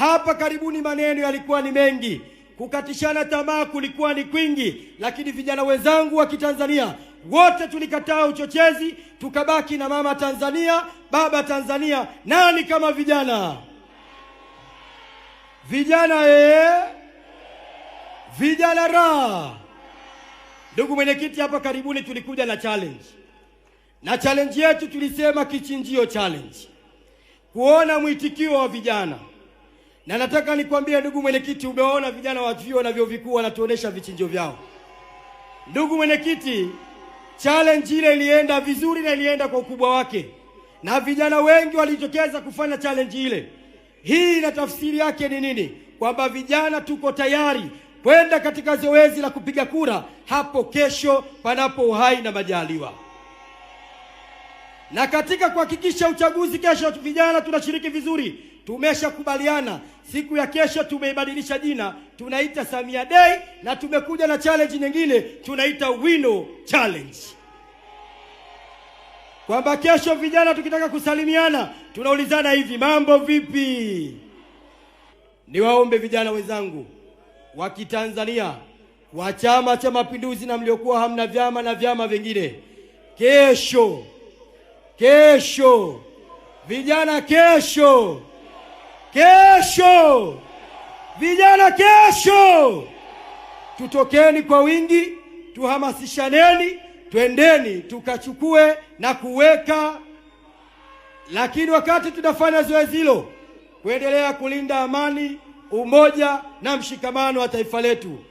Hapa karibuni maneno yalikuwa ni mengi, kukatishana tamaa kulikuwa ni kwingi, lakini vijana wenzangu wa Kitanzania wote tulikataa uchochezi, tukabaki na mama Tanzania, baba Tanzania. Nani kama vijana? Vijana ee, vijana ra. Ndugu mwenyekiti, hapa karibuni tulikuja na challenge, na challenge yetu tulisema kichinjio challenge, kuona mwitikio wa vijana na nataka nikwambie ndugu mwenyekiti, umewaona vijana wa vyuo na vyuo vikuu wanatuonesha vichinjio vyao. Ndugu mwenyekiti, challenge ile ilienda vizuri na ilienda kwa ukubwa wake, na vijana wengi walijitokeza kufanya challenge ile. Hii na tafsiri yake ni nini? Kwamba vijana tuko tayari kwenda katika zoezi la kupiga kura hapo kesho, panapo uhai na majaliwa. Na katika kuhakikisha uchaguzi kesho, vijana tunashiriki vizuri, tumeshakubaliana siku ya kesho tumeibadilisha jina, tunaita Samia Day na tumekuja na challenge nyingine tunaita Wino Challenge, kwamba kesho vijana tukitaka kusalimiana tunaulizana hivi, mambo vipi? Niwaombe vijana wenzangu wa Kitanzania wa Chama cha Mapinduzi na mliokuwa hamna vyama na vyama vingine, kesho kesho, vijana kesho, kesho, vijana kesho. Tutokeni kwa wingi, tuhamasishaneni, twendeni tukachukue na kuweka. Lakini wakati tunafanya zoezi hilo, kuendelea kulinda amani, umoja na mshikamano wa taifa letu.